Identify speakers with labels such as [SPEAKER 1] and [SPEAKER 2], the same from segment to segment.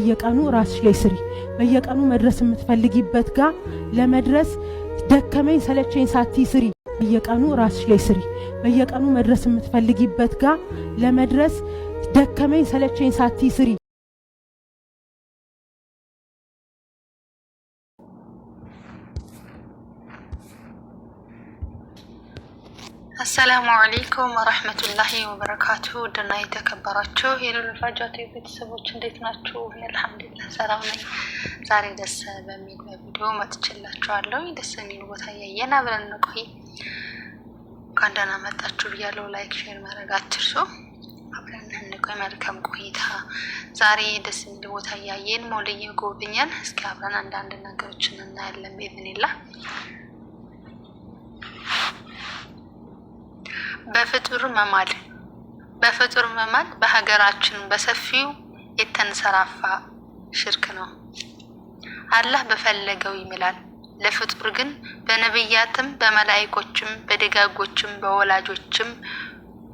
[SPEAKER 1] በየቀኑ ራስሽ ላይ ስሪ። በየቀኑ መድረስ የምትፈልጊበት ጋር ለመድረስ ደከመኝ ሰለቸኝ ሳቲ ስሪ። በየቀኑ ራስሽ ላይ ስሪ። በየቀኑ መድረስ የምትፈልጊበት ጋር ለመድረስ ደከመኝ ሰለቸኝ ሳቲ ስሪ።
[SPEAKER 2] አሰላሙ አለይኩም ወረህመቱላሂ ወበረካቱ ድና የተከበራችሁ የልልፋጃቱ ቤተሰቦች እንዴት ናችሁ? አልሐምዱሊላህ ሰላም ነኝ። ዛሬ ደስ በሚል በቪዲዮ መጥቼላችኋለሁ። ደስ የሚል ቦታ እያየን አብረን እንቆይ። እንኳን ደህና መጣችሁ ብያለሁ። ላይክ ሼር ማድረግ አትርሱ። አብረን እንቆይ። መልካም ቆይታ። ዛሬ ደስ የሚል ቦታ እያየን ሞልዬ ጎብኘን፣ እስኪ አብረን አንዳንድ ነገሮችን እናያለን። ቤዝኒላ በፍጡር መማል በፍጡር መማል በሀገራችን በሰፊው የተንሰራፋ ሽርክ ነው። አላህ በፈለገው ይምላል። ለፍጡር ግን በነቢያትም በመላይኮችም በደጋጎችም በወላጆችም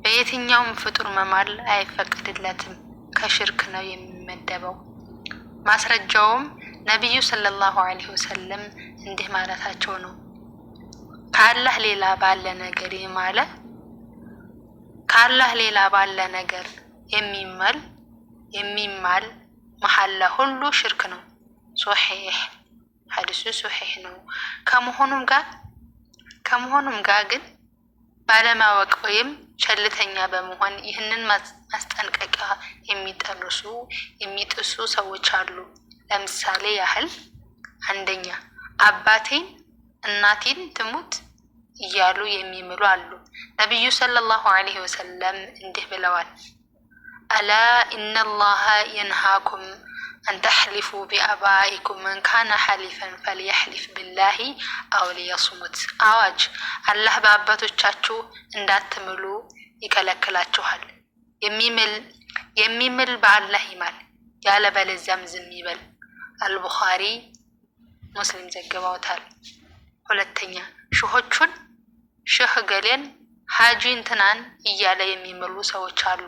[SPEAKER 2] በየትኛውም ፍጡር መማል አይፈቀድለትም፣ ከሽርክ ነው የሚመደበው። ማስረጃውም ነቢዩ ሰለላሁ ዐለይሂ ወሰለም እንዲህ ማለታቸው ነው። ከአላህ ሌላ ባለ ነገር ይህ ማለ ከአላህ ሌላ ባለ ነገር የሚመል የሚማል መሐላ ሁሉ ሽርክ ነው። ሶሒሕ ሐዲሱ ሶሒሕ ነው። ከመሆኑም ጋር ከመሆኑም ጋር ግን ባለማወቅ ወይም ቸልተኛ በመሆን ይህንን ማስጠንቀቂያ የሚጠርሱ የሚጥሱ ሰዎች አሉ። ለምሳሌ ያህል አንደኛ አባቴን እናቴን ትሙት እያሉ የሚምሉ አሉ። ነቢዩ ሰለላሁ ዐለይሂ ወሰለም እንዲህ ብለዋል፣ አላ ኢነላሃ የንሃኩም አንተሕሊፉ ቢአባኢኩም መን ካነ ሐሊፈን ፈልየሕሊፍ ቢላሂ አው ሊየስሙት። አዋጅ አላህ በአባቶቻችሁ እንዳትምሉ ይከለክላችኋል። የሚምል በአላህ ይማል፣ ያለ ያለበለዚያም ዝም ይበል። አልቡኻሪ ሙስሊም ዘግበውታል። ሁለተኛ ሽሆቹን ሽህ ገሌን ሀጂ እንትናን እያለ የሚምሉ ሰዎች አሉ።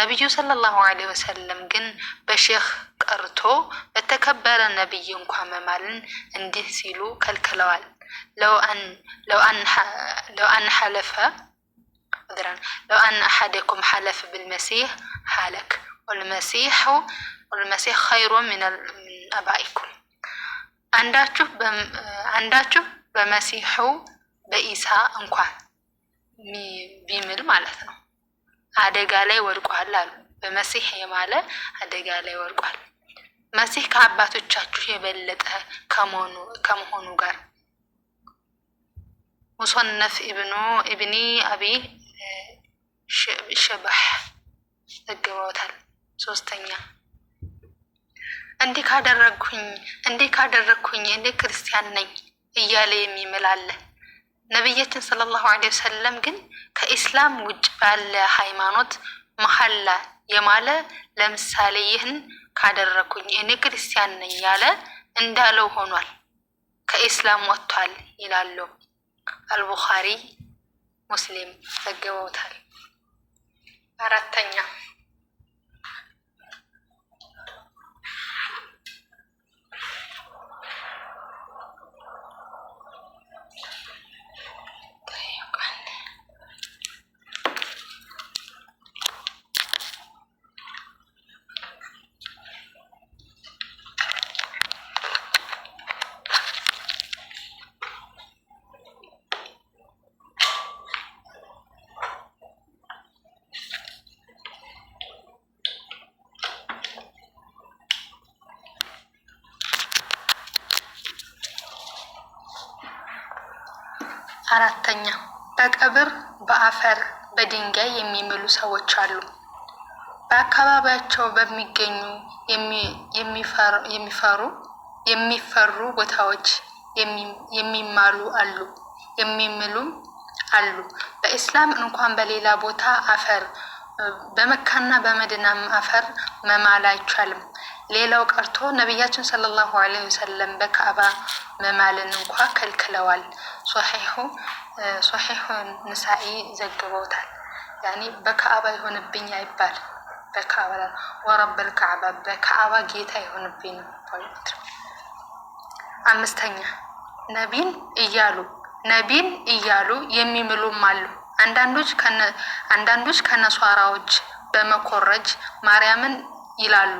[SPEAKER 2] ነቢዩ ሰለላሁ ዐለይሂ ወሰለም ግን በሼህ ቀርቶ በተከበረ ነቢይ እንኳ መማልን እንዲህ ሲሉ ከልክለዋል። ለውአን ሐለፈ ለውአን አሐደኩም ሐለፍ ብልመሲህ ሐለክ ወልመሲሑ ወልመሲህ ምን አባኢኩም አንዳችሁ በመሲሑ በኢሳ እንኳን ቢምል ማለት ነው። አደጋ ላይ ወድቋል አሉ። በመሲህ የማለ አደጋ ላይ ወድቋል። መሲህ ከአባቶቻችሁ የበለጠ ከመሆኑ ጋር ሙሶነፍ ኢብኑ ኢብኒ አቢ ሸባህ ዘግበውታል። ሶስተኛ እንዲህ ካደረግኩኝ እንዲህ ካደረግኩኝ እንዲህ ክርስቲያን ነኝ እያለ የሚምል አለ። ነቢያችን ሰለላሁ ዐለይሂ ወሰለም ግን ከኢስላም ውጭ ባለ ሃይማኖት መሐላ የማለ ለምሳሌ ይህን ካደረኩኝ እኔ ክርስቲያን ነኝ ያለ እንዳለው ሆኗል፣ ከኢስላም ወጥቷል ይላሉ። አልቡኻሪ ሙስሊም ዘግበውታል። አራተኛ አራተኛ በቀብር በአፈር በድንጋይ የሚምሉ ሰዎች አሉ። በአካባቢያቸው በሚገኙ የሚፈሩ የሚፈሩ ቦታዎች የሚማሉ አሉ የሚምሉም አሉ። በኢስላም እንኳን በሌላ ቦታ አፈር በመካና በመድናም አፈር መማል አይቻልም። ሌላው ቀርቶ ነቢያችን ሰለላሁ ዐለይሂ ወሰለም በካዕባ መማልን እንኳ ከልክለዋል። ሶሒሑ ሶሒሑ ንሳኢ ዘግበውታል። ያኒ በካዕባ ይሆንብኝ ይባል በካዕባ ወረበል ካዕባ በካዕባ ጌታ ይሆንብኝ ይባሉት። አምስተኛ ነቢን እያሉ ነቢን እያሉ የሚምሉም አሉ። አንዳንዶች ከነሷራዎች በመኮረጅ ማርያምን ይላሉ።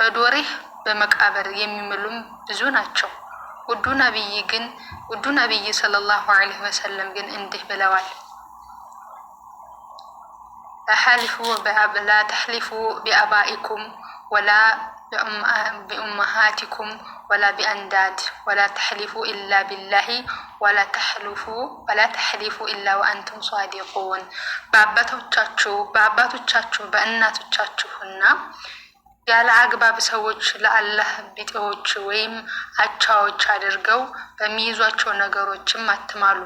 [SPEAKER 2] በዶሬህ በመቃበር የሚምሉም ብዙ ናቸው። ውዱ ነቢይ ግን ውዱ ነቢይ ሰለላሁ አለይህ ወሰለም ግን እንዲህ ብለዋል፣ ተሐልፉ ላ ተሕሊፉ ቢአባኢኩም ወላ ቢኡመሃቲኩም ወላ ቢአንዳድ ወላ ተሕሊፉ ኢላ ቢላሂ ወላ ተሕሊፉ ኢላ ወአንቱም ሷዲቁን በአባቶቻችሁ በአባቶቻችሁ በእናቶቻችሁና ያለ አግባብ ሰዎች ለአላህ ቢጤዎች ወይም አቻዎች አድርገው በሚይዟቸው ነገሮችም አትማሉ፣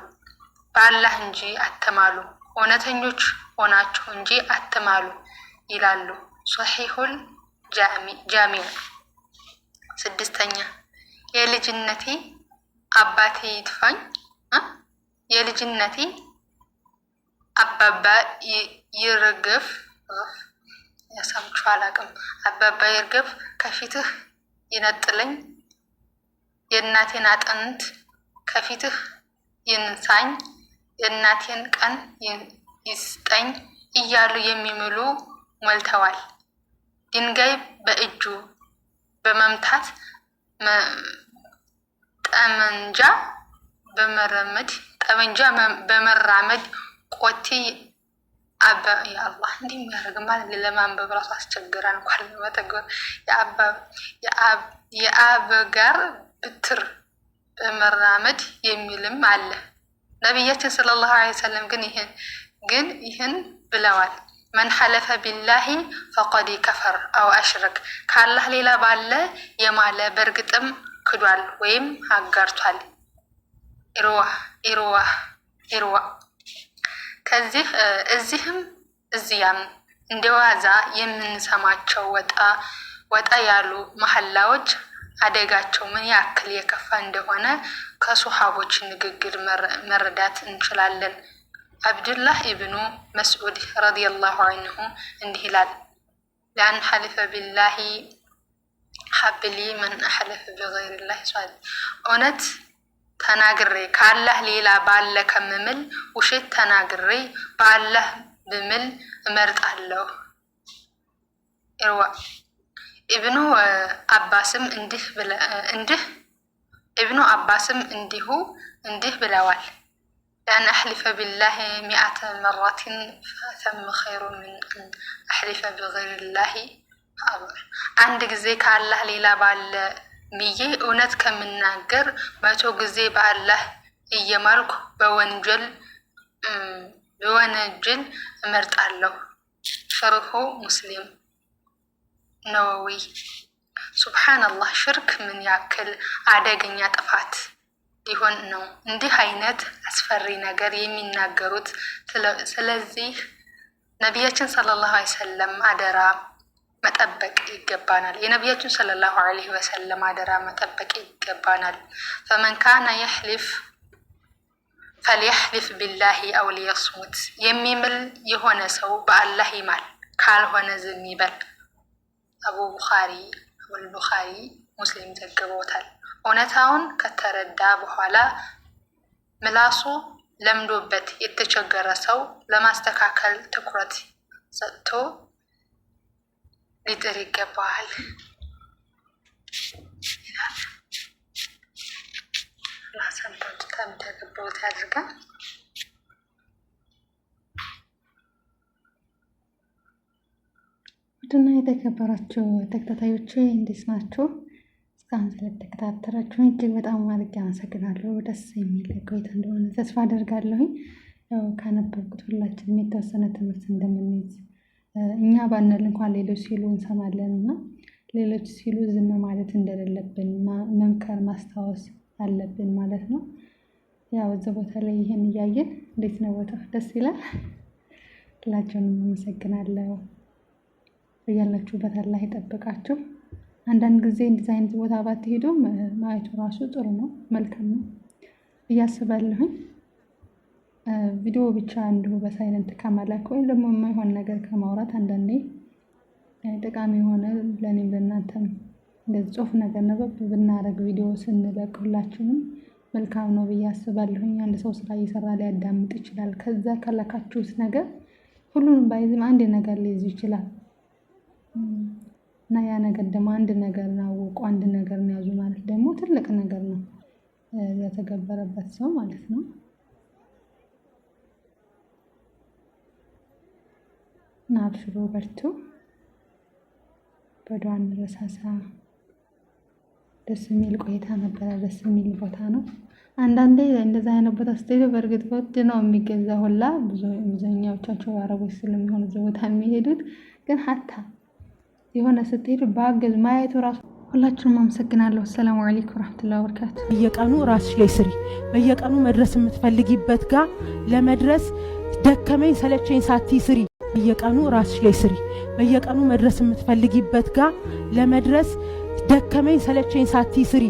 [SPEAKER 2] በአላህ እንጂ አትማሉ፣ እውነተኞች ሆናችሁ እንጂ አትማሉ ይላሉ። ሶሒሁል ጃሚዕ። ስድስተኛ የልጅነቴ አባቴ ይጥፋኝ የልጅነቴ አባባ ይርግፍ አላቅም። አባባ እርግብ ከፊትህ ይነጥለኝ፣ የእናቴን አጥንት ከፊትህ ይንሳኝ፣ የእናቴን ቀን ይስጠኝ እያሉ የሚምሉ ሞልተዋል። ድንጋይ በእጁ በመምታት ጠመንጃ በመራመድ ቆቴ አባ የአላህ እንዲህ የሚያደርግ ማለት ለማንበብ ራሱ አስቸግራ እንኳን ለመጠገር የአብ ጋር ብትር በመራመድ የሚልም አለ። ነቢያችን ሰለላሁ ዐለይሂ ወሰለም ግን ይህን ግን ይህን ብለዋል። መን ሐለፈ ቢላሂ ፈቀድ ከፈር አው አሽረክ፣ ከአላህ ሌላ ባለ የማለ በእርግጥም ክዷል ወይም አጋርቷል። ኢሮዋ ኢሮዋ ኢሮዋ ከዚህ እዚህም እዚያም እንደዋዛ የምንሰማቸው ወጣ ወጣ ያሉ መሐላዎች አደጋቸው ምን ያክል የከፋ እንደሆነ ከሱሐቦች ንግግር መረዳት እንችላለን። አብዱላህ ኢብኑ መስዑድ ረዲየላሁ አንሁ እንዲህ ይላል፣ ለአን ሐልፈ ቢላሂ ሐብሊ መን አሐለፈ ሷል እውነት ተናግሬ ከአላህ ሌላ ባለ ከምምል ውሸት ተናግሬ በአላህ ብምል እመርጣለሁ። ኢብኑ አባስም እንዲህ ኢብኑ አባስም እንዲሁ እንዲህ ብለዋል፣ ላን አሕሊፈ ቢላሂ ሚአተ መራትን ፈተም ኸይሩ ምን አሕሊፈ ብገይሪላሂ። አንድ ጊዜ ካላህ ሌላ ባለ ብዬ እውነት ከምናገር መቶ ጊዜ በአላህ እየማልኩ በወንጀል በወንጀል እመርጣለሁ። ሸርሑ ሙስሊም ነወዊ። ሱብሓነላህ ሽርክ ምን ያክል አደገኛ ጥፋት ሊሆን ነው? እንዲህ አይነት አስፈሪ ነገር የሚናገሩት። ስለዚህ ነቢያችን ሰለላሁ ዐለይሂ ወሰለም አደራ መጠበቅ ይገባናል። የነቢያችን ሰለላሁ ዐለይሂ ወሰለም አደራ መጠበቅ ይገባናል። ፈመን ካነ የሕሊፍ ፈልየሕሊፍ ቢላሂ አው ሊየስሙት የሚምል የሆነ ሰው በአላህ ይማል፣ ካልሆነ ዝም ይበል። አቡ ቡኻሪ አቡል ቡኻሪ ሙስሊም ዘግበውታል። እውነታውን ከተረዳ በኋላ ምላሱ ለምዶበት የተቸገረ ሰው ለማስተካከል ትኩረት ሰጥቶ ሊጥር ይገባሃል። ሰምቶች ከምተገብሩት ያድርጋል።
[SPEAKER 3] ውድና የተከበራችሁ ተከታታዮች እንዴት ናችሁ? እስካሁን ስለተከታተላችሁን እጅግ በጣም አድርጌ አመሰግናለሁ። ደስ የሚል ቆይታ እንደሆነ ተስፋ አደርጋለሁኝ። ያው ካነበብኩት ሁላችንም የተወሰነ ትምህርት እንደምንይዝ እኛ ባንል እንኳን ሌሎች ሲሉ እንሰማለን እና ሌሎች ሲሉ ዝም ማለት እንደሌለብን መምከር ማስታወስ አለብን ማለት ነው። ያው እዚ ቦታ ላይ ይህን እያየን እንዴት ነው ቦታ ደስ ይላል። ሁላችሁንም አመሰግናለሁ። እያላችሁበት አላህ ይጠብቃችሁ። አንዳንድ ጊዜ እንደዚህ አይነት ቦታ ባትሄዱም ማየቱ ራሱ ጥሩ ነው፣ መልካም ነው እያስባለሁኝ ቪዲዮ ብቻ እንዲሁ በሳይለንት ከመላክ ወይም ደግሞ የማይሆን ነገር ከማውራት አንዳንዴ ጠቃሚ የሆነ ለእኔም ለእናንተም እንደዚህ ጽሁፍ ነገር ነበብ ብናደረግ ቪዲዮ ስንለቅ ሁላችንም መልካም ነው ብዬ አስባለሁኝ። አንድ ሰው ስራ እየሰራ ሊያዳምጥ ይችላል። ከዛ ከላካችሁት ነገር ሁሉንም ባይዝም አንድ ነገር ሊይዝ ይችላል እና ያ ነገር ደግሞ አንድ ነገር አወቁ፣ አንድ ነገር ያዙ ማለት ደግሞ ትልቅ ነገር ነው ለተገበረበት ሰው ማለት ነው። እና አብሽሮ በርቱ። በዶዋን ረሳሳ ደስ የሚል ቆይታ ነበረ። ደስ የሚል ቦታ ነው። አንዳንዴ እንደዛ አይነት ቦታ ስትሄዱ በእርግጥ ወድ ነው የሚገዛ ሁላ ብዙ ብዙኛዎቻቸው አረቦች ስለሚሆኑ እዚ ቦታ የሚሄዱት ግን ሀታ የሆነ ስትሄዱ በአገዝ ማየቱ ራሱ ሁላችሁንም አመሰግናለሁ። አሰላሙ አለይኩም ወራህመቱላሂ ወበረካቱ።
[SPEAKER 1] በየቀኑ ራስሽ ላይ ስሪ። በየቀኑ መድረስ የምትፈልጊበት ጋር ለመድረስ ደከመኝ ሰለቸኝ ሳቲ ስሪ። በየቀኑ ራስሽ ላይ ስሪ። በየቀኑ መድረስ የምትፈልጊበት ጋር ለመድረስ ደከመኝ ሰለቸኝ ሳቲ ስሪ።